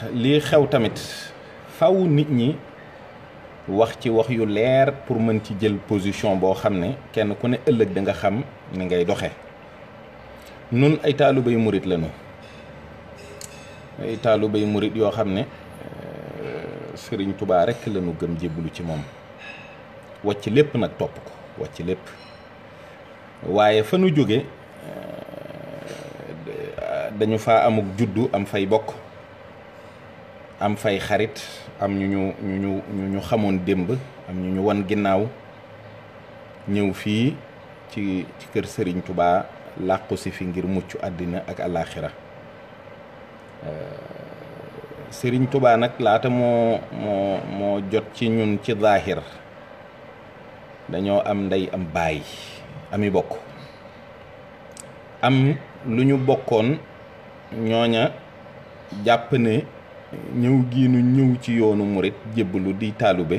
lii xew tamit faw nit ñi wax ci wax yu leer pour mën ci jël position boo xam ne kenn ku ne ëllëg da nga xam ni ngay doxe nun ay taalubéy murit lañu ay taalubéy murit yoo xam ne eh, sëriñ tubaa rekk lañu gëm jébbalu ci moom wàcc lépp nag topp ko wàcc lépp waaye fa nu jóge eh, dañu fa amuk juddu am fay bokk am fay xarit am ñu ñu ñu ñu xamoon démb am ñu ñu won ginnaaw ñëw fii ci ci kër sëriñ tubaa làqu si fi ngir mucc àddina ak àllaaxira euh, sëriñ tubaa nag laata moo moo moo jot ci ñun ci zaahir dañoo am ndey am baay ami bokk am lu ñu bokkoon ñooña jàpp ne ñëw gi nu ñëw ci yoonu murit jébbalu di taalube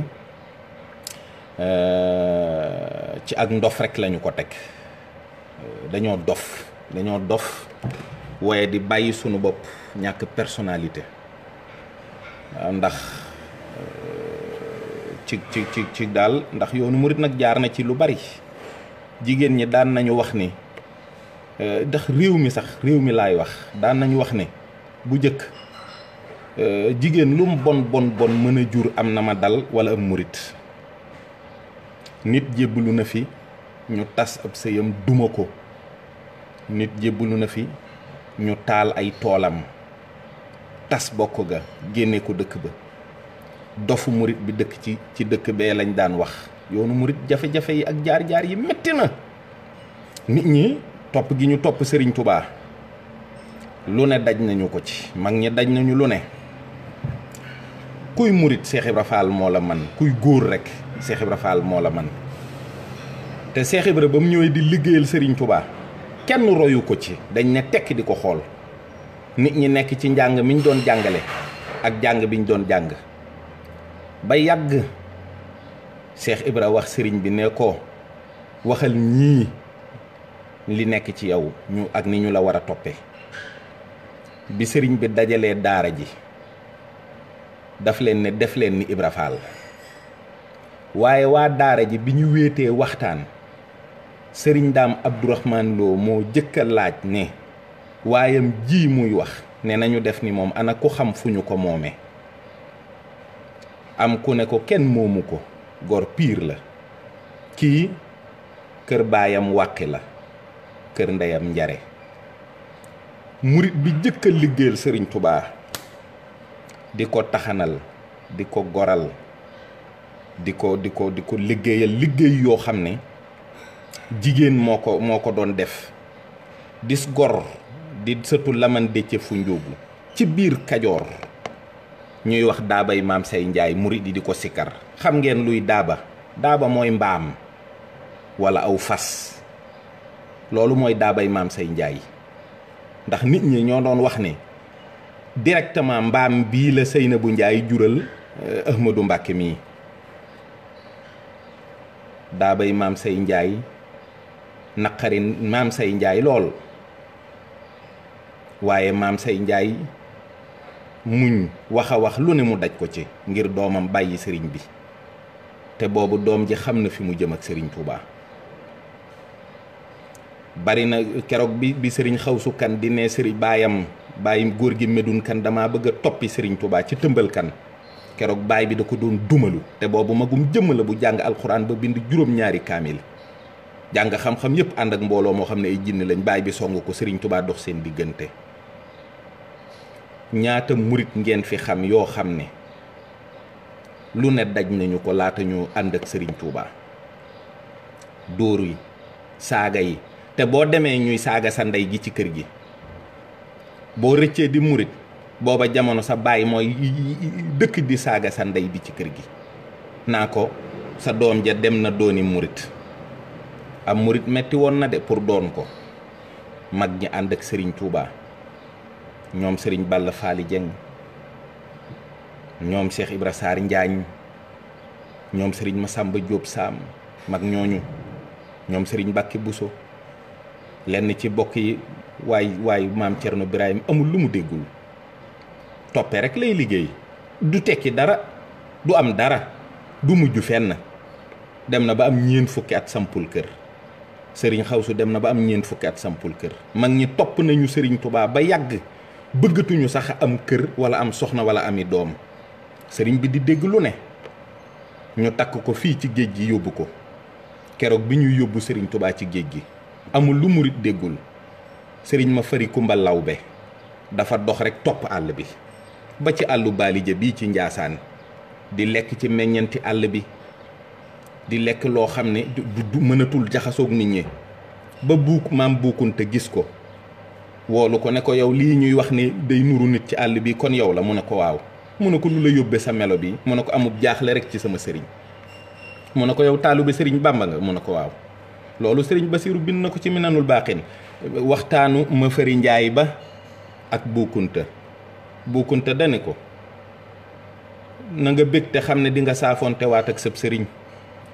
euh, ci ak ndof rek lañu ko teg euh, dañoo dof dañoo dof waaye di bàyyi sunu bopp ñàkk personnalité euh, ndax ci ci ci daal ndax yoonu murit nag jaar na ci lu bari jigéen ñi daan nañu wax ni ndax réew mi sax réew mi laay wax daan nañu wax ni bu jëkk Euh, jigéen lum bon bon bon mën a jur am na ma dal wala am murit nit jébbalu na fi ñu tas ab sëyam duma ko nit jébbalu na fi ñu taal ay toolam tas bokk ga génne ko dëkk ba dofu murit bi dëkk ci ci dëkk bee lañ daan wax yoonu murit jafe-jafe yi ak jaar-jaar yi metti na nit ñi topp gi ñu topp Sëriñ Tubaa lu ne daj nañu ko ci mag ñi daj nañu lu ne kuy murit Cheikh Ibra Fall moo la man kuy góor rek seex Ibra Fall moo la man te Cheikh Ibra ba mu ñëwee di liggéeyal Serigne Touba kenn royu ko ci dañ ne tekki di ko xool nit ñi nekk ci njàng miñ doon jàngale ak jàng biñ doon jàng ba yàgg Cheikh Ibra wax sëriñ bi ne ko waxal ñii li nekk ci yow ñu ak ni ñu la war a toppe bi sëriñ bi dajalee daara ji daf leen ne def leen ni Ibra Fall waaye waa daara ji bi ñu wéetee waxtaan sëriñ daam Abdourahman Lo moo jëkk a laaj ne waayam ji muy wax ne nañu def ni moom ana ku xam fu ñu ko moome am ku ne ko kenn moomu ko gor piir la kii kër baayam wàqi la kër ndeyam njare murit bi jëkk a liggéeyal sëriñ tubaa di ko taxanal di ko goral di ko di ko di ko liggéeyal liggéey yoo xam ne jigéen moo ko moo ko doon def dis gor di sëtu laman dëcce fu njóogu ci biir kajoor ñuy wax daabay maam say njaay murid yi di ko sikkar xam ngeen luy daaba daaba mooy mbaam wala aw fas loolu mooy daabay maam say njaay ndax nit ñi ñoo doon wax ne directement mbaam bii la na bu Ndiaye jural euh, Ahmadou Mbàkke mii daabay maam say njaay naqari maam say njaay lool waaye maam say Ndiaye muñ wax a wax lu ne mu daj ko ci ngir doomam bàyyi sëriñ bi te boobu doom ji xam na fi mu jëm ak sëriñ Touba bari na keroog bi bi sëriñ xaw sukkan di ne sëriñ baayam bàyyi góor gi medun kan damaa bëgg a toppi Serigne Touba ci tëmbalkan keroog baay bi da ko doon dumalu te boobu magum jëmm la bu jàng alxuraan ba bind juróom-ñaari kaamil jàng xam-xam yépp ànd ak mbooloo moo xam ne ay jinne lañ baay bi song ko Serigne Touba dox seen diggante ñaata murit ngeen fi xam yoo xam ne lu ne daj nañu ko laata ñu ànd ak sëriñ Touba dóor yi saaga yi te boo demee ñuy saaga sa ndey gi ci kër gi. boo rëccee di murit booba jamono sa baay mooy dëkk di saaga sa ndey bi ci kër gi naa ko sa doom ja dem na dooni murit am murit metti woon na de pour doon ko mag ñi ànd ak sëriñ Touba ñoom sëriñ Balla Faali Jeng ñoom Cheikh Ibra Saar Njaañ ñoom sëriñ ma Masamba Jóob Saam mag ñooñu ñoom sëriñ Bàkki Buso lenn ci bokk yi waay waay maam Thierno Birahim amul lu mu déggul toppe rek lay liggéey du tekki dara du am dara du mujj fenn dem na ba am ñeent fukki at sampul kër sëriñ xaw su dem na ba am ñeent fukki at sampul kër mag ñi topp nañu sëriñ Tuubaa ba yàgg bëggatuñu sax am kër wala am soxna wala ami doom sëriñ bi di dégg lu ne ñu takk ko fii ci géej gi yóbbu ko keroog bi ñuy yóbbu sëriñ Tuubaa ci géej gi amul lu mu déggul sëriñ ma fari kumba lawbe dafa dox rek topp àll bi ba ci àllu baalija bii ci njaasaan di lekk ci meññeenti àll bi di lekk loo xam ne du mënatul jaxasoog nit ñi ba buuk maam buukunte gis ko woolu ko ne ko yow lii ñuy wax ni day nuru nit ci àll bi kon yow la mu ne ko waaw mu ne ko lu la yóbbee sa melo bi mu ne ko amub jaaxle rek ci sama sëriñ mu ne ko yow taalu bi sëriñ bàmba nga mu ne ko waaw loolu sëriñ basiiru bind na ko ci minanul baaxin waxtaanu ma fëri njaay ba ak buukunta buukunta dane ko na nga bég te xam ne dinga nga ak sab sëriñ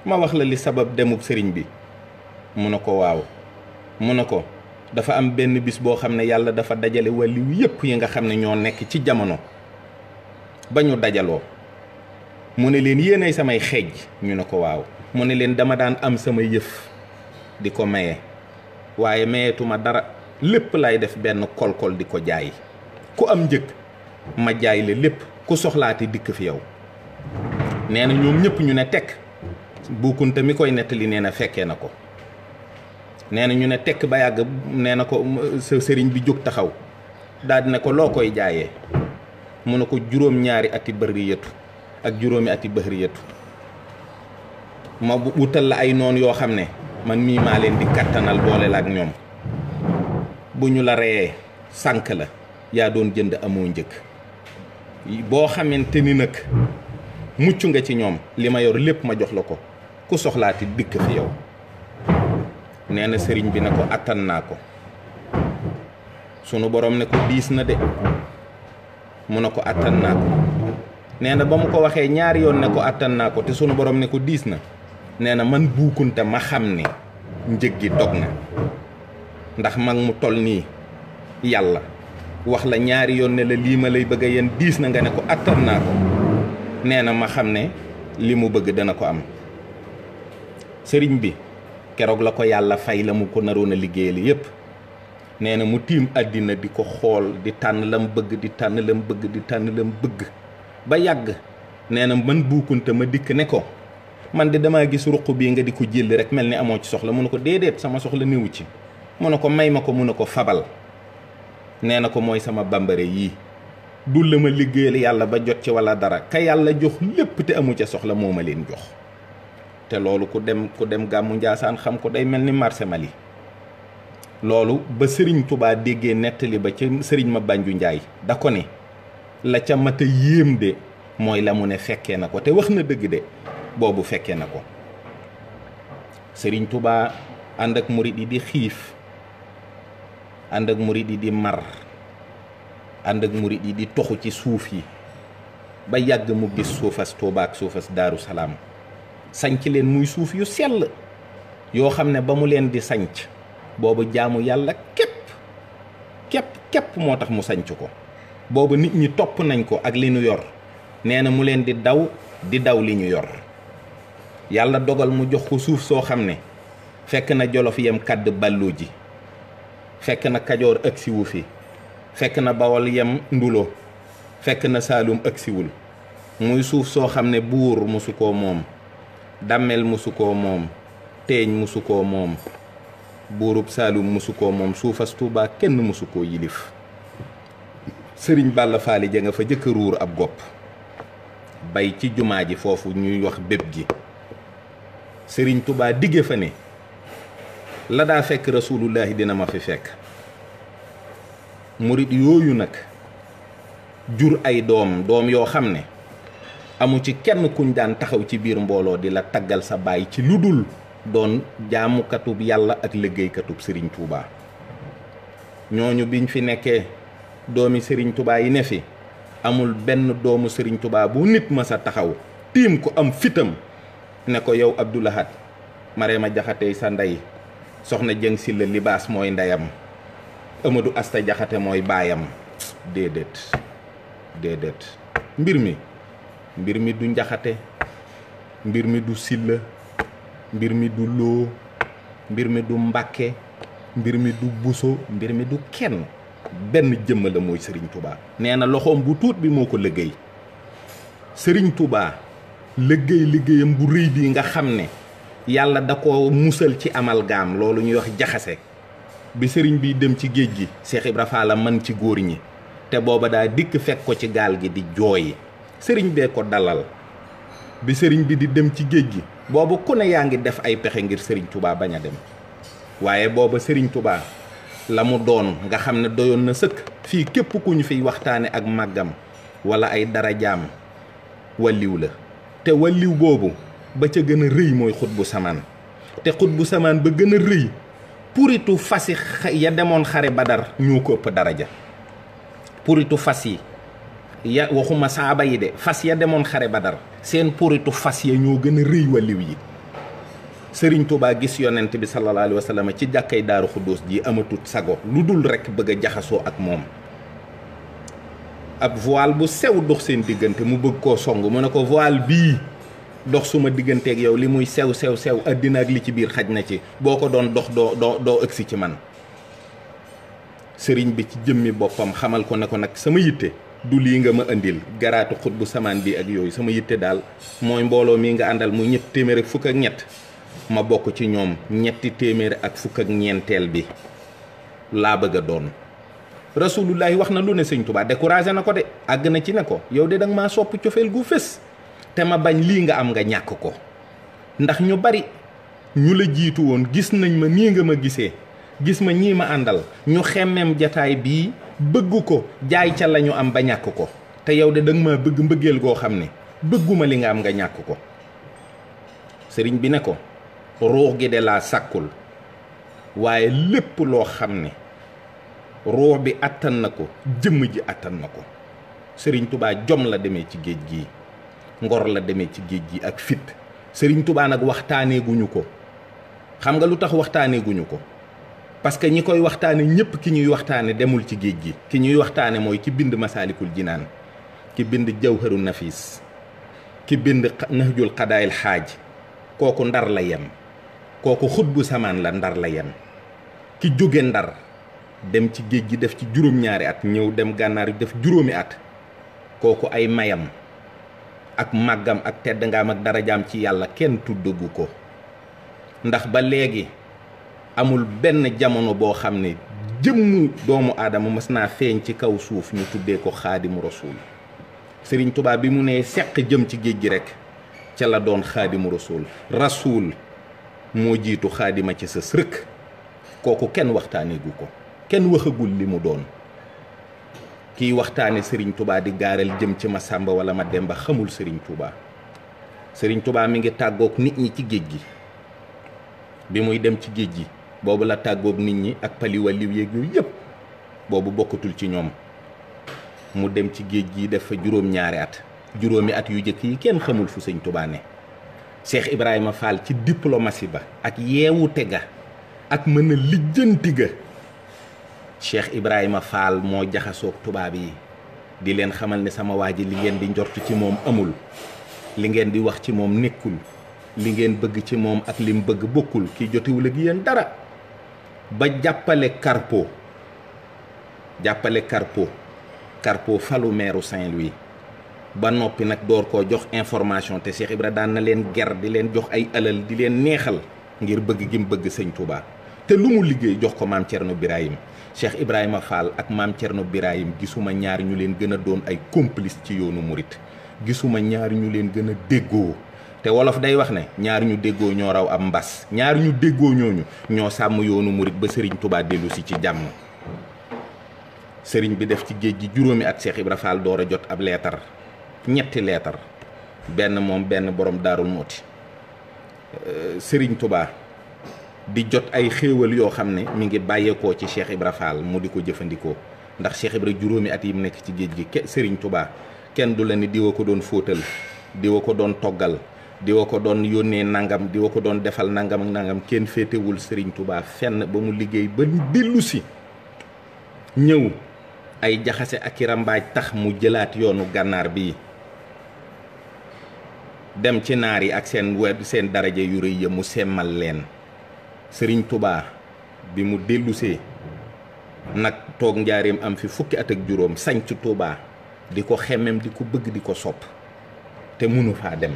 ma wax la li sabab demub sëriñ bi mu ne ko waaw mu ne ko dafa am benn bis boo xam ne yàlla dafa dajale wàlliw yépp yi nga xam ne ñoo nekk ci jamono ba ñu dajaloo mu ne leen yéenay samay xeej ñu ne ko waaw mu ne leen dama daan am sama yëf di ko maye waaye mayetuma dara lépp lay def benn kolkol di ko jaay ku am njëg ma jaay la lépp ku soxlaati dikk fi yow nee na ñoom ñëpp ñu ne tekk buukunte mi koy nettali nee na fekkee na ko nee na ñu ne tekk ba yàgg nee na ko sëriñ bi jóg taxaw daal di ko loo koy jaayee mu ne ko juróom-ñaari ati bëri yëtu ak juróomi ati bëri yëtu ma wutal la ay noon yoo xam ne man mii maa leen di kattanal boole la ñoom bu ñu la reyee sànk la yaa doon jënd amoo njëkk boo xamante ni nag mucc nga ci ñoom li ma yor lépp ma jox la ko ku soxlaati dikk fi yow nee na sëriñ bi ne ko attan naa ko sunu borom ne ko diis na de mu ne ko attan naa ko nee na ba mu ko waxee ñaari yoon ne ko attan naa ko te sunu borom ne ko diis na nee na man buukunte ma xam ne njëg gi dog na ndax mag mu tol nii yàlla wax la ñaari yoon ne la lii ma lay bëgg a yéen diis na nga ne ko attan naa ko nee na ma xam ne li mu bëgg dana ko am sëriñ bi keroog la ko yàlla fay la mu ko naroon a liggéeyal yépp nee na mu tiim àddina di ko xool di tànn lam bëgg di tànn lam bëgg di tànn lam bëgg ba yàgg nee na man buukunte ma dikk ne ko man de damaa gis ruq bii nga di ko jël rek mel ni amoo ci soxla mun ne ko déedéet sama soxla néewu ci mu ne ko may ma ko mun a ko fabal nee na ko mooy sama bambare yii du la ma liggéeyal yàlla ba jot ci wala dara ka yàlla jox lépp te amu ca soxla moo ma leen jox te loolu ku dem ku dem gàmmu njaasaan xam ko day mel ni marché Mali loolu ba sëriñ tubaa déggee nettali ba ca sëriñ ma bànju njaay da ko ne la ca mat a yéem de mooy la mu ne fekkee na ko te wax na dëgg de boobu fekkee na ko Sëriñ tubaa ànd ak murit yi di xiif ànd ak murit yi di mar ànd ak murit yi di toxu ci suuf yi ba yàgg mu gis suufas Tuubaa suufas Daaru Salaam sanc leen muy suuf yu sell yoo xam ne ba mu leen di sañc boobu jaamu yàlla képp képp képp moo tax mu sanc ko booba nit ñi topp nañ ko ak li ñu yor nee na mu leen di daw di daw li ñu yor yàlla dogal mu jox ko suuf soo xam ne fekk na jolof yem kàdd balloo ji fekk na kajoor agsiwu fi fekk na bawol yem nduloo fekk na saalum agsiwul muy suuf soo xam ne buur musu koo moom dàmmel mosu koo moom teeñ musu koo moom buurub saalum musu koo moom suufas tuubaa kenn musu koo yilif sëriñ Balla Faali nga fa jëkk ruur ab gopp bay ci jumaa ji foofu ñuy wax bépp gi sëriñ tubaa digge fa ne la daa fekk rasulullahi dina ma fi fekk murit yooyu nag jur ay doom doom yoo xam ne amu ci kenn kuñ daan taxaw ci biir mbooloo di la taggal sa baay ci lu dul doon jaamukatu yàlla ak liggéeykatu sëriñ Touba ñooñu biñ fi nekkee doomi sëriñ Touba yi ne fi amul benn doomu sëriñ Touba bu nit ma sa taxaw tiim ko am fitam ne ko yow Abdou Lahad Marema Jaxate sa ndey soxna Jëng Silla libaas mooy ndeyam Amadou Asta Jaxate mooy baayam déedéet déedéet mbir mi mbir mi du njaxate mbir mi du silla mbir mi du loo mbir mi du mbàkke mbir mi du buso mbir mi du kenn benn jëmm la mooy Serigne Touba nee na loxoom bu tuut bi moo ko liggéey Serigne Touba liggéey liggéeyam bu rëy bii nga xam ne yàlla da ko musal ci amal amalgaam loolu ñuy wax jaxase bi sëriñ bi dem ci géej gi Cheikh Ibra man ci góor ñi te booba daa dikk fekk ko ci gaal gi di jooyi sëriñ bee ko dalal bi sëriñ bi di dem ci géej gi booba ku ne yaa ngi def ay pexe ngir sëriñ tubaa bañ a dem waaye booba sëriñ tubaa la mu doon nga xam ne doyoon na sëkk fii képp ku ñu fiy waxtaane ak màggam walla ay darajaam wàlliw la te walliw boobu ba ca gën a rëy mooy xut bu samaan te xut bu samaan ba gën a rëy puritu fas ya demoon xare badar ñoo ko ëpp daraja puritu fas yi ya waxuma saaba yi de fas ya demoon xare badar seen puritu fas ya ñoo gën a rëy walliw yi sëriñ Tuubaa gis yonent bi sallallahu alayhi wa sallam ci jàkkay daaru xudduus ji amatut sago lu dul rekk bëgg a jaxasoo ak moom ab voile bu sew dox seen diggante mu bëgg koo song mu ne ko voile bii dox suma digganteeg yow li muy sew sew sew àddina ak li ci biir xaj na ci boo ko doon dox doo doo doo ëgsi ci man sëriñ bi ci jëmmi boppam xamal ko ne ko nag sama yitte du lii nga ma indil garaatu xut bu samaan bi ak yooyu sama yitte daal mooy mbooloo mi nga àndal mu ñett téeméer ak fukk ak ñett ma bokk ci ñoom ñetti téeméer ak fukk ak ñeenteel bi laa bëgg doon rasulullahi wax na lu ne sëñ Tuubaa découragé na ko de àgg na ci ne ko yow de danga nga maa sopp cofeel gu fés te ma bañ lii nga am nga ñàkk ko ndax ñu bari ñu la jiitu woon gis nañ ma nii nga ma gisee gis ma ñii ma àndal ñu xemmem jataay bii bëgg ko jaay ca lañu am ba ñàkk ko te yow de da nga maa bëgg mbëggeel goo xam ne bëgguma li nga am nga ñàkk ko sëriñ bi ne ko ruux gi de laa sàkkul waaye lépp loo xam ne ruux bi attan na ko jëmm ji àttan na ko sëriñ tubaa jom la demee ci géej gi ngor la demee ci géej gi ak fit sëriñ tubaa nag waxtaaneeguñu ko xam nga lu tax waxtaaneeguñu ko parce que ñi koy waxtaane ñëpp ki ñuy waxtaane demul ci géej gi ki ñuy waxtaane mooy ci bind masaalikul jinaan ki bind jawharu nafis ki bind nahjul xadaayil xaaj kooku ndar la yem kooku xutbu samaan la ndar la yem ki jóge ndar dem ci géej gi def ci juróom-ñaari at ñëw dem gànnaar yi def juróomi at kooku ay mayam ak màggam ak tedd ngaam ak darajaam ci yàlla kenn tuddagu ko ndax ba léegi amul benn jamono boo xam ne jëmmu doomu aadama mas naa feeñ ci kaw suuf ñu tuddee ko xaadimu rasuul sëriñ tubaab bi mu nee seq jëm ci géej gi rekk ca la doon xaadimu rasul rasul moo jiitu xaadima ci sës rëkk kooku kenn waxtaanee ko kenn waxagul li mu doon kiy waxtaane sëriñ tubaa di gaaral jëm ci ma Masamba wala Mademba xamul sëriñ Touba sëriñ tubaa mi ngi tàggook nit ñi ci géej gi bi muy dem ci géej gi boobu la tàggoog nit ñi ak paliwaliw yeeg yooyu yëpp boobu bokkatul ci ñoom mu dem ci géej gi def fa juróom-ñaari at juróomi at yu jëkk yi kenn xamul fu sëñ Touba ne Cheikh Ibrahima Fall ci diplomatie ba ak yeewute ga ak mën a lijjanti ga Cheikh Ibrahima Fall moo jaxasoo tubaab yi di leen xamal ne sama waa ji li ngeen di njortu ci moom amul li ngeen di wax ci moom nekkul li ngeen bëgg ci moom ak lim bëgg bokkul kii jotewul ak yéen dara ba jàppale Carpo jàppale karpo karpo falu meeru Saint-Louis ba noppi nag door koo jox information te Cheikh Ibra daan na leen ger di leen jox ay alal di leen neexal ngir bëgg gim bëgg sëñ Touba te lu mu liggéey jox ko maam Thierno Birahim Cheikh Ibrahima Fall ak maam nu biraayim gisuma ñaar ñu leen gën a doon ay complice ci yoonu murit gisuma ñaar ñu leen gën a déggoo te wolof day wax ne ñaar ñu déggoo ñoo raw ab mbas ñaar ñu déggoo ñooñu ñoo sàmm yoonu murit ba sëriñ Touba dellu si ci jàmm sëriñ bi def ci géej gi juróomi ak seex Ibra Fall door jot ab leetar ñetti leetar benn moom benn borom daarul mooti euh, sëriñ tubaa di jot ay xéewal yoo xam ne mi ngi bàyyeekoo ci Cheikh Ibra Fall mu di ko jëfandikoo ndax Cheikh Ibra juróomi at yi mu nekk ci géej gi ke Serigne Touba kenn du la ni diwa ko doon fóotal diwa ko doon toggal diwa ko doon yónnee nangam diwa ko doon defal nangam nangam kenn féetewul sëriñ Touba fenn ba mu liggéey ba ñu dellu si ñëw ay jaxase ak i rambaaj tax mu jëlaat yoonu gànnaar bii dem ci naar yi ak seen web seen daraja yu rëy ya mu semmal leen. sëriñ tubaa bi mu dellusee nag toog njaareem am fi fukki at ak juróom sañc tubaa di ko xemmem di ko bëgg di ko sopp te mënu faa dem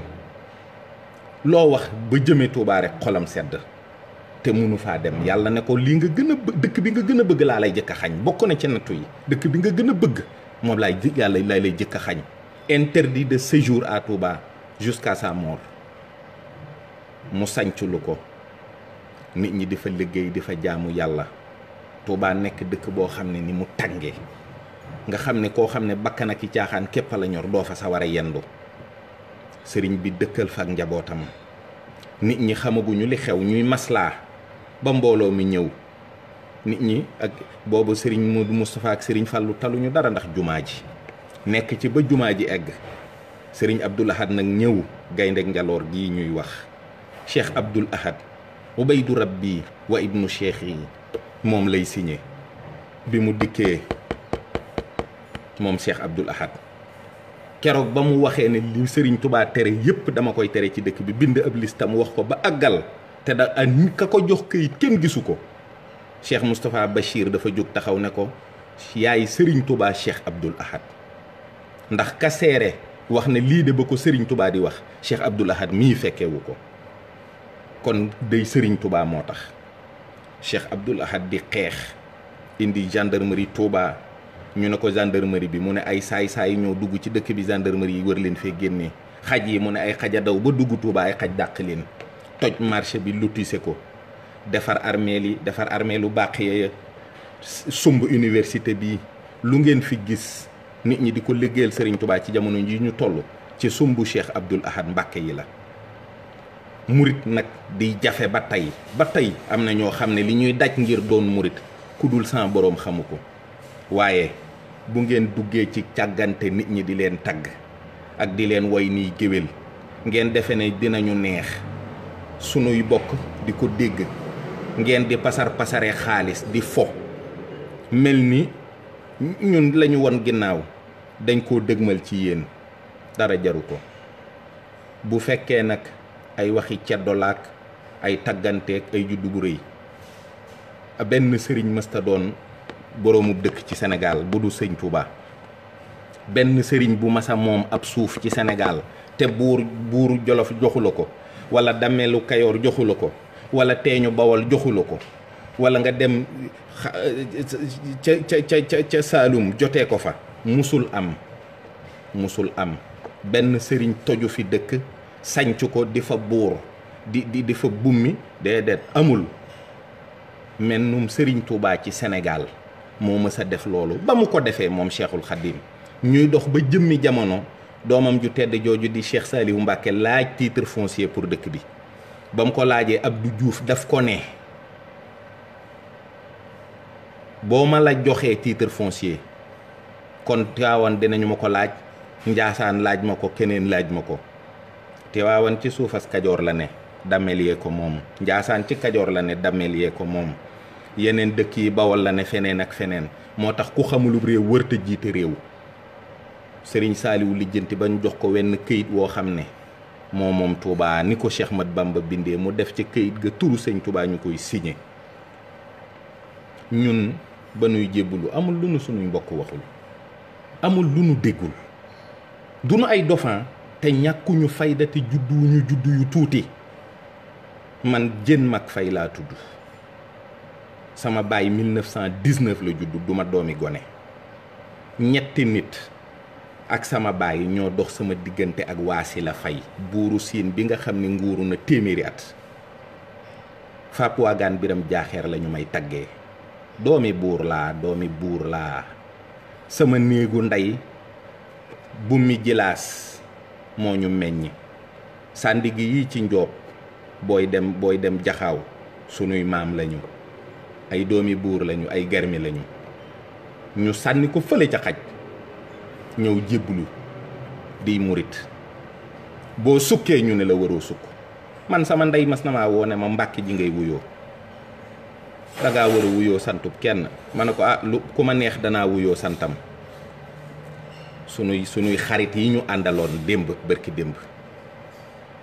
loo wax ba jëmee tubaa rek xolam sedd te mënu faa dem yàlla ne ko lii nga gën a bëgg dëkk bi nga gën a bëgg laa lay jëkk a xañ bokk na ci nattu yi dëkk bi nga gën a bëgg moom laay yàlla lay lay jëkk a xañ interdit de séjour à Touba jusqu'à sa mort mu sañc lu ko nit ñi di fa liggéey di fa jaamu yàlla Touba nekk dëkk boo xam ne ni mu tàngee nga xam ne koo xam ne bakkan ak caaxaan képp la ñor doo fa sa war a yendu sëriñ bi dëkkal fa njabootam nit ñi xamaguñu li xew ñuy maslaa ba mbooloo mi ñëw nit ñi ak booba sëriñ Modou Moustapha ak sëriñ Fallou taluñu dara ndax jumaa ji nekk ci ba jumaa ji egg sëriñ Abdoul Ahad nag ñëw gaynde ak njaloor gii ñuy wax Cheikh Abdoul Ahad ubaydu rabbi wa ibnu cheikh yi moom lay signé bi mu dikkee moom cheikh abdul ahad keroog ba mu waxee ne li sëriñ tubaa tere yépp dama koy tere ci dëkk bi bind ab listam wax ko ba àggal te da ka ko jox këyit kenn gisu ko cheikh moustapha bachir dafa jóg taxaw ne ko yaay sëriñ tubaa cheikh abdul ahad ndax ka seere wax ne lii de ba ko sëriñ tubaa di wax cheikh abdul ahad mii fekkewu ko kon day sëriñ Touba moo tax Cheikh Abdoul Ahad di xeex indi gendarmerie Touba ñu ne ko gendarmerie bi mu ne ay saay-saay ñoo dugg ci dëkk bi gendarmerie yi wër leen fee génnee xaj yi mu ne ay xaj daw ba dugg Touba ay xaj dàq leen toj marché bi lutise ko defar armeel yi defar armeelu baax ya sumb université bi lu ngeen fi gis nit ñi di ko liggéeyal sëriñ Touba ci jamono ji ñu toll ci sumbu Cheikh Abdoul ahat Mbacke yi la murit nag di jafe ba tey ba tey am na ñoo xam ne li ñuy daj ngir doon murit ku dul sans boroom xamu ko waaye bu ngeen duggee ci càggante nit ñi di leen tagg ak di leen woy nii géwél ngeen defe ne dinañu neex sunuy bokk di ko dégg ngeen di pasar pasare xaalis di fo mel ni ñun lañu won ginnaaw dañ koo dëgmal ci yéen dara jaru ko bu fekkee nag ay waxi ceddolaak ay tagganteeg ay juddu bu rëy benn sëriñ mësta doon boroomub dëkk ci senegaal bu du sëñ Touba benn sëriñ bu masa moom ab suuf ci senegaal te buur buur Jolof joxu ko wala dammeelu Kayoor joxu ko wala teeñu Bawol joxu ko walla nga dem ca ca ca ca Saalum jotee ko fa musul am musul am benn sëriñ toju fi dëkk sañc ko di fa buur di di di fa bummi déedéet amul mennum Serigne Touba ci Sénégal moo mës a def loolu ba mu ko defee moom Cheikhul Khadim ñuy dox ba jëmmi jamono doomam ju tedd jooju di Cheikh Saliou Mbacké laaj titre foncier pour dëkk bi ba mu ko laajee Abdou juuf daf ko ne boo ma la joxee titre foncier kon Tiwaawan dinañu ma ko laaj Njaasaan laaj ma ko keneen laaj ma ko Tiwaawan ci suufas Kajoor la ne damel yee ko moom Njaasaan ci Kajoor la ne damel yee ko moom yeneen dëkk yi Bawol la ne feneen ak feneen moo tax ku xamulu réew wërta jiite réew sëriñ saaliwu lijjanti ba ñu jox ko wenn këyit woo xam ne moo moom Touba ni ko Cheikh Mat Bamba bindee mu def ci këyit ga turu sëñ Touba ñu koy signé ñun ba nuy jébbulu amul lu nu sunuy mbokk waxul amul lu nu déggul du nu ay dofan te ñàkkuñu fayda te judduwuñu juddu yu tuuti man jën mag fay laa tudd sama baay 1919 la juddu duma doomi gone ñetti nit ak sama baay ñoo dox sama diggante ak waasi la fay buuru siin bi nga xam ne nguuru na téeméeri at fàppuwaagaan biram jaaxeer lañu may taggee doomi buur laa doomi buur laa sama néegu ndey bu mi jilaas moo ñu meññ sàndig yii ci njoob booy dem booy dem jaxaw sunuy maam lañu ay doomi buur lañu ay germi lañu ñu sànni ko fële ca xaj ñëw jébbalu di murit boo sukkee ñu ne la waroo sukk man sama ndey mas na maa ma mbàkki ji ngay wuyoo dangaa war wuyoo santub kenn ma ne ko ah lu ku ma neex danaa wuyoo santam sunuy sunuy xarit yi ñu àndaloon démb bërki démb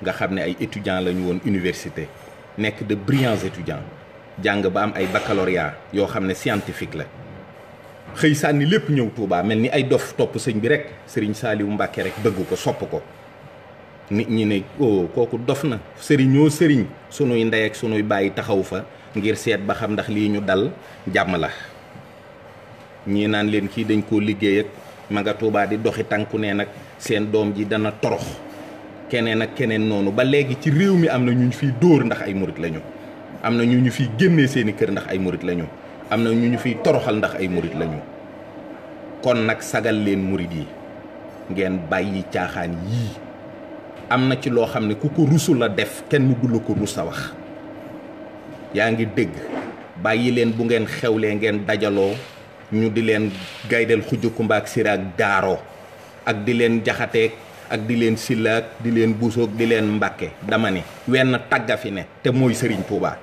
nga xam ne ay étudiants la woon université nekk de brillants étudiants jàng ba am ay baccalauréat yoo xam ne scientifique la xëy sànni lépp ñëw Touba mel ni ay dof topp sëñ bi rek sëriñ Saaliwu Mbàkke rek bëgg ko sopp ko nit ñi ne oh, kooku dof na sëriñoo sëriñ sunuy ndey ak sunuy bàyyi taxaw fa ngir seet ba xam ndax lii ñu dal jàmm la ñi naan leen kii dañ koo liggéey ak ma nga Tuubaa di doxi tànku ne nag seen doom ji dana torox keneen ak keneen noonu ba léegi ci réew mi am na ñu ñu fiy dóor ndax ay murit lañu am na ñu ñu fiy génnee seeni kër ndax ay murit lañu am na ñu ñu fiy toroxal ndax ay murit lañu kon nag sagal leen murit yi ngeen bàyyi caaxaan yii am na ci loo xam ne ku ko rusu la def kenn mu dula ko rus a wax yaa ngi dégg bàyyi leen bu ngeen xewlee ngeen dajaloo ñu di leen gaydel xujjukumba ak sira ak daaro ak di leen jaxateeg ak di leen sillaak di leen buusoog di leen mbàkke dama ne wenn tagga ne te mooy sëriñ Touba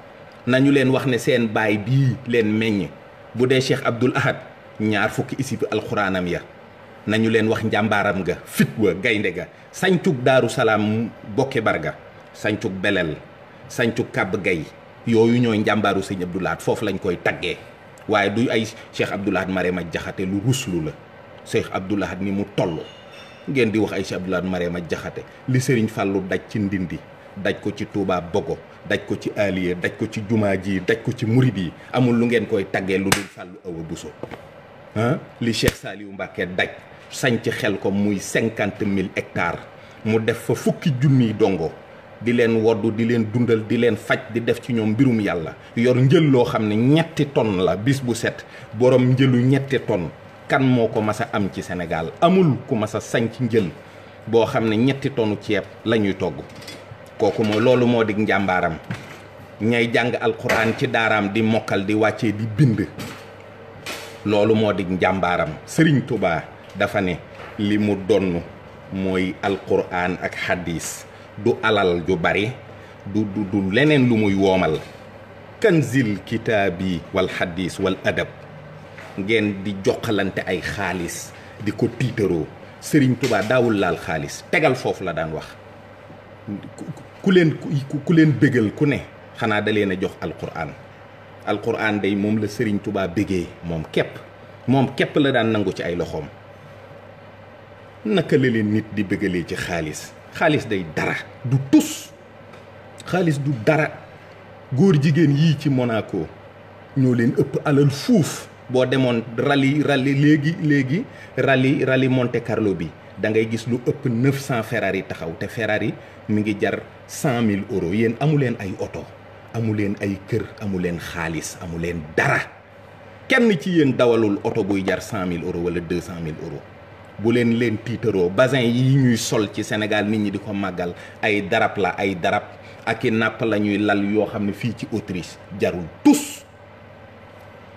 nañu leen wax ne seen baay bii leen meññ bu dee Cheikh Abdoul Ahad ñaar fukki isib alxuraanam ya nañu leen wax njàmbaaram ga fit wa gaynde ga sancug daaru salaam bokke barga sancug belel sancug kàbb gay yooyu ñooy njàmbaaru sëñ Abdoul Ahad foofu lañ koy taggee waaye du ay Cheikh Abdoul Ahad Marema Jaxate lu ruslu la Cheikh Abdoul Ahad ni mu toll ngeen di wax ay Cheikh Abdoul Ahad Marema Jaxate li Serigne Fallou daj ci ndindi daj ko ci Touba Bogo daj ko ci Aliye daj ko ci jumaa ji daj ko ci murid yi amul lu ngeen koy taggee lu dul Fallou Awa Bousso ah li Cheikh Saliou Mbacké daj sañc xel ko muy cinquante mille hectares mu def fa fukki junniy dongo di leen woddu di leen dundal di leen faj di def ci ñoom mbirum yàlla yor njël loo xam ne ñetti tonn la bis bu set boroom njëlu ñetti ton kan moo ko mas a am ci Sénégal amul ku mas a sañ ci njël boo xam ne ñetti tonu ceeb lañuy togg kooku moo loolu moo dig njàmbaaram ñay jàng alxuraan ci daaraam di mokkal di wàcce di bind loolu moo dig njàmbaaram Sëriñ Tubaa dafa ne li mu donn mooy alxuraan ak xaddiis du alal ju bari du du leneen lu muy woomal kanzil kitaabi wal xadis wal adab ngeen di joxalante ay xaalis di ko tiitaroo sëriñ tubaa daawul laal xaalis tegal foofu la daan wax ku leen ku leen bégal ku ne xanaa da leen a jox alquran alquran day moom la sëriñ tubaa bégee moom képp moom képp la daan nangu ci ay loxoom naka la nit di bégalee ci xaalis xaalis day dara du tus xaalis du dara góor jigéen yii ci Monaco ñoo leen ëpp alal fuuf boo demoon rali rali léegi léegi rali rali Monte bi da ngay gis lu ëpp 900 Ferrari taxaw te Ferrari mi ngi jar 100000 euros yéen amu leen ay oto amu leen ay kër amu leen xaalis amu leen dara kenn ci yéen dawalul oto buy jar 100000 euros wala 200000 euros. bu leen leen tiitaroo basin yi ñuy sol ci Sénégal nit ñi di ko màggal ay darab la ay darab ak i nàpp lañuy lal yoo xam ne fii ci Autriche jarul tus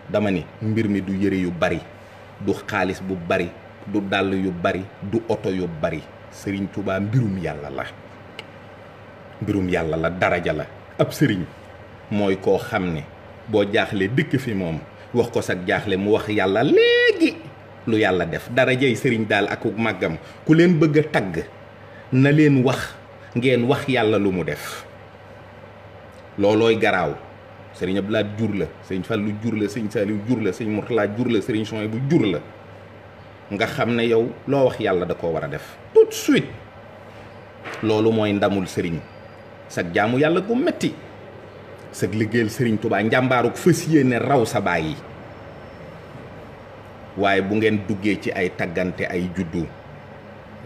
dama ni mbir mi du yëre yu bari du xaalis bu bari du dàll yu bari du oto yu bari Sëriñ Tuubaa mbirum yàlla la mbirum yàlla la daraja la ab sëriñ mooy koo xam ne boo jaaxlee dëkk fi moom wax ko sag jaaxle mu wax yàlla lee lu yàlla def dara jëy sëriñ daal ak màggam ku leen bëgg a tagg na leen wax ngeen wax yàlla lu mu def loolooy garaaw sëriñ Abdoulaye jur la sëriñ Fallou jur la sëñ Saliou jur la sëriñ Mourtala jur la sëriñ Soy bu jur la nga xam ne yow loo wax yàlla da koo war a def tout de loolu mooy ndamul sëriñ sag jaamu yàlla gu metti sag liggéeyal sëriñ tubaa njàmbaaruk fas yéene raw sa baay yi waaye bu ngeen duggee ci ay taggante ay juddu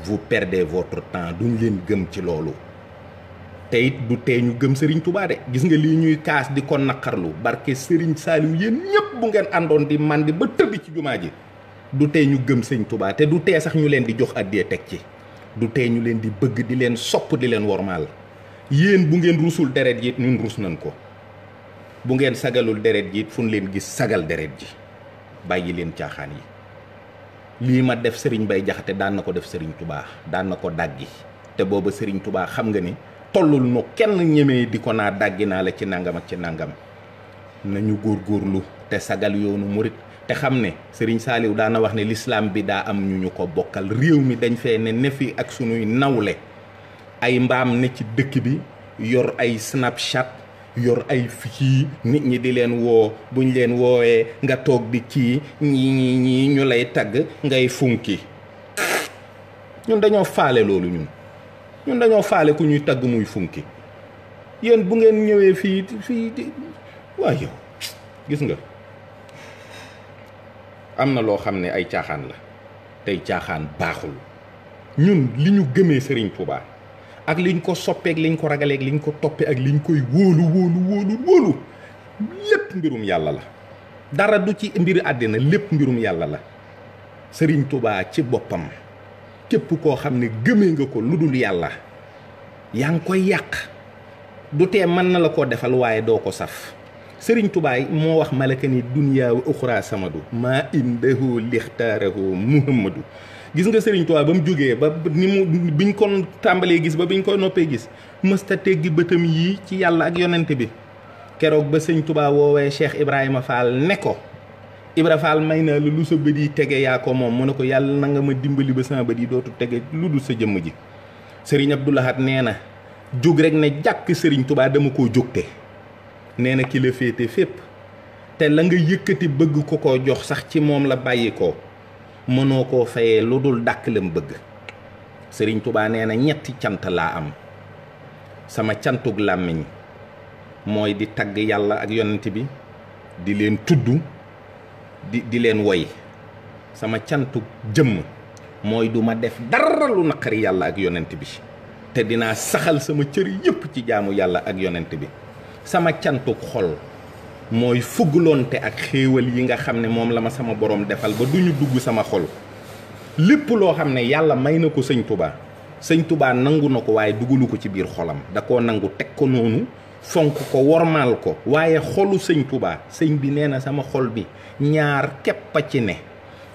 vous perdez votre temps duñ leen gëm ci loolu te it du tee ñu gëm sëriñ Touba de gis nga lii ñuy kaas di ko naqarlu barke sëriñ Saliou yéen ñëpp bu ngeen àndoon di mandi ba tëbbi ci jumaa ji du tee ñu gëm sëñ tubaa te du tee sax ñu leen di jox addee teg ci du tee ñu leen di bëgg di leen sopp di leen wormaal yéen bu ngeen rusul deret yi ñun rus nañ ko bu ngeen sagalul deret yi fu ñu leen gis sagal deret ji. bàyyi leen caaxaan yi lii ma def sëriñ bay Jaxate daan na ko def Serigne Touba daan na ko dàggi te booba sëriñ Touba xam nga ni tollul nu kenn ñemee di ko naa dàggi naa la ci nangam ak ci nangam nañu góorlu te sagal yoonu murit te xam ne Serigne Saliou daana wax ne lislaam bi daa am ñu ñu ko bokkal réew mi dañ fee ne ne fi ak sunuy nawle ay mbaam ne ci dëkk bi yor ay Snapchat yor ay fii nit ñi di leen woo buñ leen woowee nga toog bi ci ñii ñii ñu lay tagg ngay funki ñun dañoo faale loolu ñun ñun dañoo faale ku ñuy tagg muy funki yéen bu ngeen ñëwee fii fii waa yow gis nga am na loo xam ne ay caaxaan la tey caaxaan baaxul ñun li ñu gëmee Serigne Touba. ak liñ ko soppeeg liñ ko ragaleeg liñ ko toppee ak liñ koy wóolu wóolu wóolu wóolu lépp mbirum yàlla la dara du ci mbir àddina lépp mbirum yàlla la sëriñ tubaa ci boppam képp koo xam ne gëmee nga ko lu dul yàlla yaa ngi koy yàq du tee mën na la koo defal waaye doo ko saf sëriñ tubaay moo wax malaka ni dunya wa uxra samadu maa indahu lixtaarahu muhammadu gis nga Serigne Touba ba mu jógee ba ni mu ñu ko tàmbalee gis ba biñ koy noppee gis mësta teggi bëtam yii ci yàlla ak yonent bi keroog ba sëñ Touba woowee Cheikh Ibrahima Fall ne ko Ibra Fall may naa la lu sa bët yi tege yaa ko moom mu ne ko yàlla na nga ma dimbali ba sama bët yi dootu tege lu dul sa jëmm ji Serigne Abdou Lahad nee na jóg rek ne jàkk sëriñ Touba dama koo jógte nee na kilo la féete fépp te la nga yëkkati bëgg ko ko jox sax ci moom la bàyyi ko mënoo koo fayee lu dul dàkk lam bëgg sëriñ tubaa nee na ñetti cant laa am sama cantug làmmiñ mooy di tagg yàlla ak yonent bi di leen tudd di leen woy sama cantug jëmm mooy du ma def dara lu naqari yàlla ak yonent bi te dinaa saxal sama cër yépp ci jaamu yàlla ak yonent bi sama cantug xol mooy fuggloonte ak xéewal yi nga xam ne moom la ma sama borom defal ba duñu dugg sama xol lépp loo xam ne yàlla may na ko sëñ tubaa sëñ tubaa nangu na ko waaye dugalu ko ci biir xolam da koo nangu teg ko noonu fonk ko wormaal ko waaye xolu sëñ tubaa sëñ bi nee na sama xol bi ñaar képp a ci ne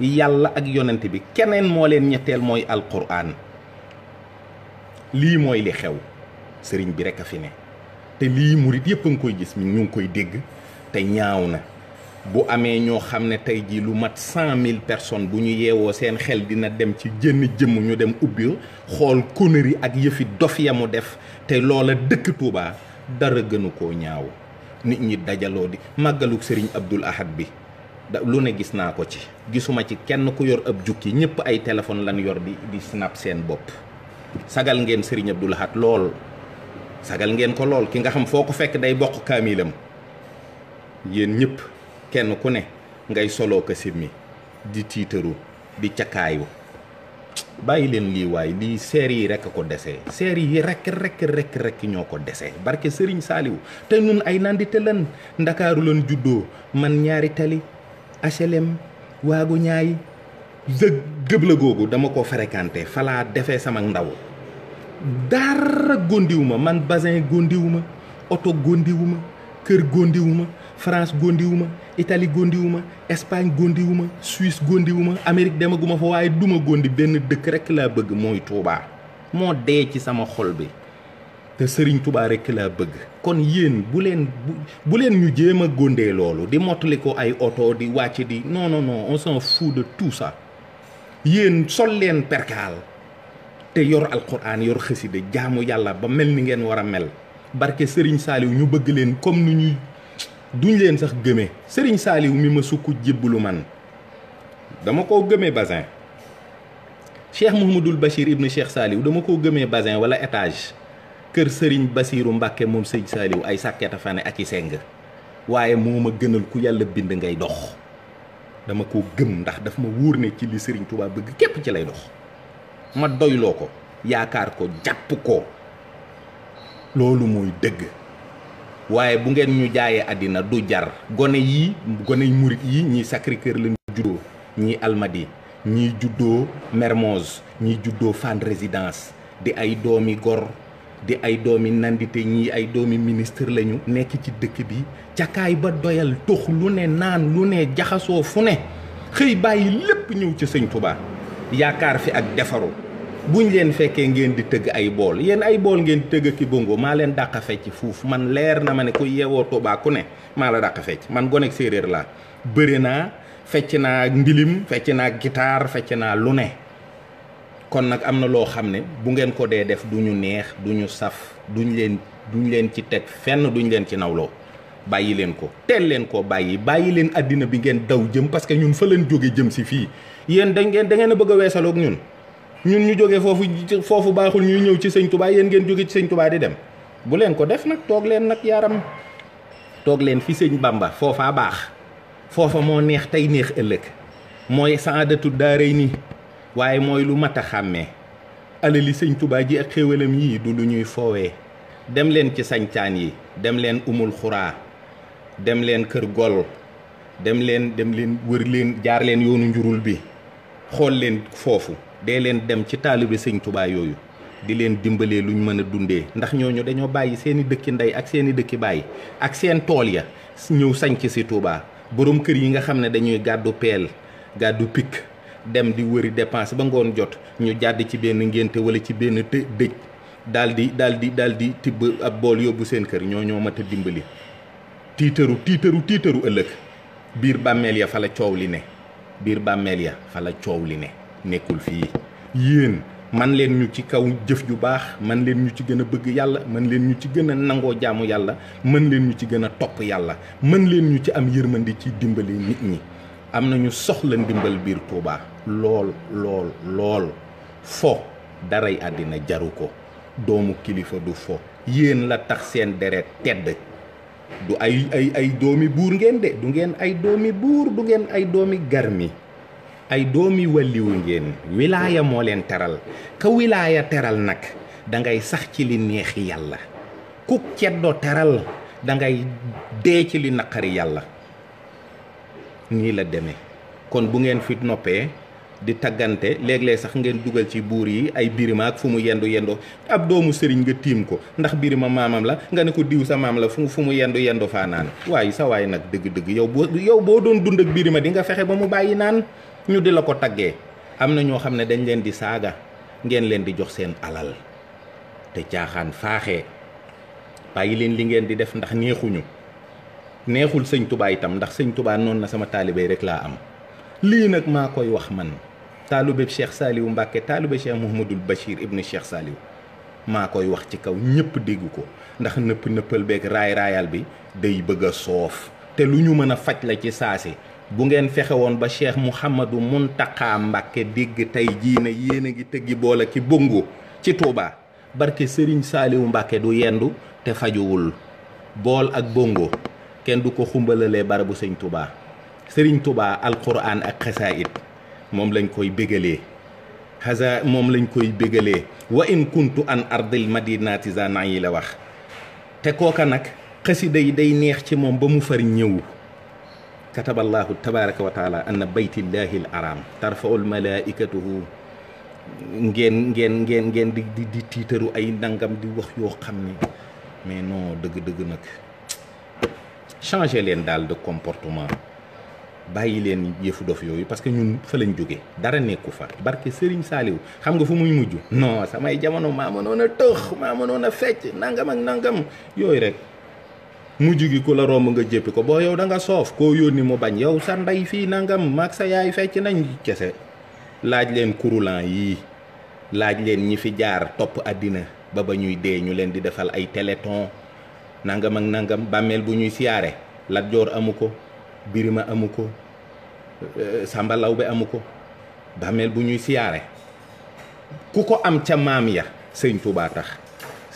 yàlla ak yonent bi keneen moo leen ñetteel mooy alquran lii mooy li xew sëriñ bi rek a fi ne te lii murit yëpp a ngi koy gis mi ñu ngi koy dégg te ñaaw na bu amee ñoo xam ne tey jii lu mat cent mille personnes bu ñu yeewoo seen xel dina dem ci jënn jëmm ñu dem ubbi xool connerie ak yëfi dof ya mu def te loola dëkk Touba dara gënu ko ñaaw nit ñi dajaloo di màggalu sëriñ Abdul Ahad bi da lu ne gis naa ko ci gisuma ci kenn ku yor ab jukki ñëpp ay téléphone lan yor di di snap seen bopp sagal ngeen sëriñ Abdul Ahad lool sagal ngeen ko lool ki nga xam foo ko fekk day bokk kaamiilam yéen ñëpp kenn ku ne ngay soloo ko simmi di tiitaru di cakaayu bàyyi leen lii waay lii seer yi rekk ko dese seer yi rekk rekk rekk ñoo ko dese barke sëriñ saaliw te ñun ay nandite lan ndakaaru lan juddoo man ñaari tali HLM waagu ñaay dëg gëbla googu dama ko fréquenté falaa defee sama ndaw dara góndiwu ma man basin góndiwu ma oto góndiwu kër góndiwu ma France góndiwuma Italie góndiwuma Espagne góndiwuma Suisse góndiwuma Amérique demaguma fa waaye duma gondi benn dëkk rekk laa bëgg mooy Touba moo dee ci sama xol bi te Serigne Touba rek laa bëgg kon yéen bu leen bu leen ñu jéem a góndee loolu di mottali ko ay oto di wàcc di non non non de tout ça yéen sol leen perkaal te yor alquran yor xasida jaamu yàlla ba mel ni ngeen war a mel barke Serigne Saliou ñu bëgg leen comme nu ñuy duñ leen sax gëmee sëriñ saaliw mi ma sukk jébbalu man dama koo gëmee basin cheikh dul Bachir ibnu cheikh saaliw dama koo gëmee basin wala étage kër sëriñ Basiiru Mbàkke moom sëriñ saaliw ay sàkketa fane ak i seng waaye moo ma gënal ku yàlla bind ngay dox dama koo gëm ndax dafa ma wóor ne ci li sëriñ Tuubaa bëgg képp ci lay dox ma doyloo ko yaakaar ko jàpp ko loolu mooy dëgg waaye bu ngeen ñu jaayee àddina du jar gone yi gone murit yi ñii Sacré-Cœur lañu juddoo ñii Almadies ñii juddoo Mermoz ñii juddoo Fann Résidence di ay doomi gor di ay doomi nandite ñii ay doomi ministre lañu nekk ci dëkk bi cakaay ba doyal tux lu ne naan lu ne jaxasoo fu ne xëy bàyyi lépp ñëw ca sëñ Tuubaa yaakaar fi ak defaru buñ leen fekkee ngeen di tëgg ay bool yéen ay bool ngeen di tëgg ki bongo maa leen dàq a fecc fuuf man leer na ma ne ku yeewoo Tuubaa ku ne maa la dàq a fecc man gonek séeréer laa bëri naa fecc naa mbilim fecc naa gitaar fecc naa lu ne kon nag am na loo xam ne bu ngeen ko dee def du ñu neex du ñu saf duñ leen duñ leen ci teg fenn duñ leen ci nawloo bàyyi leen ko teel leen ko bàyyi bàyyi leen àddina bi ngeen daw jëm parce que ñun fa leen jóge jëm si fii yéen da ngeen da ngeen bëgg a weesaloog ñun ñun ñu jógee foofu foofu baaxul ñuy ñëw ci sëñ Touba yéen ngeen jóge ci sëñ Touba di dem bu leen ko def nag toog leen nag yaaram toog leen fi sëñ Bamba foofaa baax foofa moo neex tey neex ëllëg mooy saadatu daaray nii waaye mooy lu mat a xàmmee alali sëñ tubaa ji ak xéwalam yii du lu ñuy foowee dem leen ci sañcaan yi dem leen umul xuraa dem leen kër gol dem leen dem leen wër leen jaar leen yoonu njurul bi xool leen foofu dee leen dem ci taalibe sëñ Tuubaa yooyu di leen dimbalee luñ mën a dundee ndax ñooñu dañoo bàyyi seen i dëkki ndey ak seeni i dëkki bàyyi ak seen tool ya ñëw sanc si Tuubaa boroom kër yi nga xam ne dañuy gàddu peel gàddu pikk dem di wëri depanse ba ngoon jot ñu jàdd ci benn ngénte wala ci benn të dëj daal di daal di daal di tibb ab bool yóbbu seen kër ñoo ñoo mat dimbali tiitaru tiitaru tiitaru ëllëg biir bàmmeel ya fa la coow li ne biir bàmmeel ya fa la coow li ne nekkul fii yéen man leen ñu ci kaw jëf ju baax man leen ñu ci gën a bëgg yàlla man leen ñu ci gën a nangoo jaamu yàlla man leen ñu ci gën a topp yàlla man leen ñu ci am yërmandi ci dimbali nit ñi am nañu soxla ndimbal biir Tuubaa lool lool lool fo daray àddina jaru ko doomu kilifa du fo yéen la tax seen deret tedd du ay ay ay doomi buur ngeen de du ngeen ay doomi buur du ngeen ay doomi garmi ay doomi wàlliwu ngeen wilaaya moo leen teral ka wilaaya teral nag dangay sax ci li neex yàlla ku ceddoo teral dangay ngay dee ci li naqari yàlla nii la demee kon bu ngeen fi noppee di taggante léeg-léeg sax ngeen dugal ci buur yi ay birima ak fu mu yendu yendoo ab doomu sëriñ nga tiim ko ndax birima maamam la nga ne ko diw sa maam la fu mu yendu yendu faa naan waaye sa nag dëgg-dëgg yow boo yow boo doon dund ak birima di fexe ba mu bàyyi naan ñu di la ko taggee am na ñoo xam ne dañ leen di saaga ngeen leen di jox seen alal te caaxaan faaxe bàyyi leen li ngeen di def ndax neexuñu neexul sëñ tubaa itam ndax sëñ tubaa noonu na sama taalibey rek laa am lii nag maa koy wax man taalibeb Cheikh Saliou Mbacke taalibe Cheikh Mouhamadul Bachir ibnu Cheikh Saliou maa koy wax ci kaw ñépp dégg ko ndax nëpp nëppal beeg raay raayal bi day bëgg a soof te lu ñu mën a faj la ci saa si bu ngeen fexe woon ba Cheikh Mouhamadou Mountakha Mbacké dégg tey jii ne yéen a ngi tëggi boole ki bungu ci Touba barke sëriñ saaliwu Mbacké du yendu te fajuwul bool ak bongo kenn du ko xumbalalee barabu sëñ Touba sëriñ Touba alquran ak xasaayid moom lañ koy bégalee xasa moom lañ koy bégalee wa in kuntu an ardil madinati zana yi la wax te kooka nag xasida yi day neex ci moom ba mu far ñëw kataba allahu tabaraka wa taala anna baytillahi l aram tarfaul malaikatuhu ngeen ngeen ngeen ngeen di di di tiitaru ay ndangam di wax yoo xam ni mais non dëgg-dëgg nag changer leen daal de comportement bàyyi leen yëfu dof yooyu parce que ñun fa lañ jóge dara nekku fa barke Serigne Saliou xam nga fu muy mujj non samay jamono maa mënoon a tëx maa a fecc nangam ak nangam yooyu rek mujj gi ko la romb nga jéppi ko boo yow da nga soof koo yónni mu bañ yow sa ndey fii nangam mag sa yaay fecc nañ kese laaj leen kurulan yii laaj leen ñi fi jaar topp àddina ba ba ñuy dee ñu leen di defal ay téléthon nangam ak nangam bàmmeel bu ñuy siyaare Lat Joor amu ko Birima amu ko euh, Samba Lawbe amu ko bàmmeel bu ñuy siyaare ku ko am ca maam ya sëñ Tuubaa tax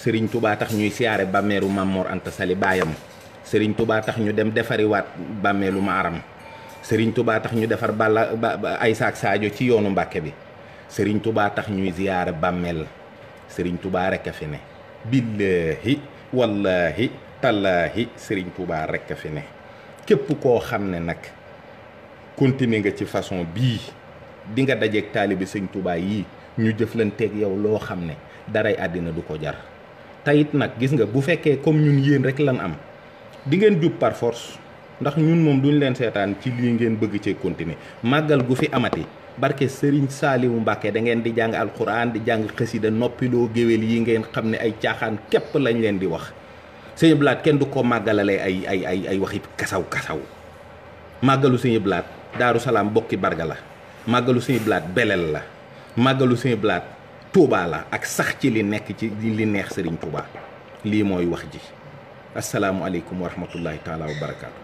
Serigne Touba tax ñuy siyaare bàmmeeru Maam Mor Anta Sali baayam Serigne Touba tax ñu dem defariwaat bàmmeelu maaram sëriñ Touba tax ñu defar balla ay saak saajo ci yoonu Mbàkke bi sëriñ Touba tax ñuy ziyaare bàmmeel Serigne Touba rekk a fi ne billaahi wallaahi tallaahi Serigne Touba rekk a fi ne képp koo xam ne nag continuer nga ci façon bii di nga dajeeg taalibi Sëñ Touba yii ñu jëflanteeg yow loo xam ne daray àddina du ko jar tayit nag gis nga bu fekkee comme ñun yéen rek lan am di ngeen jub par ndax ñun moom duñ leen seetaan ci lii ngeen bëgg cee continuer màggal gu fi amati barke Serigne Saliou Mbacke da ngeen di jàng alxuraan di jàng xasida noppiloo géwél yi ngeen xam ne ay caaxaan képp lañ leen di wax sëñ kenn du ko màggalale ay ay ay waxit waxi kasaw kasaw màggalu sëñ blaat daaru salaam bokki barga la màggalu sëñ blaat la màggalu sëñ Touba la ak sax ci li nekk ci li neex Serigne Touba lii mooy wax ji asalaamualeykum wa rahmatullahi taala wa barakaatu.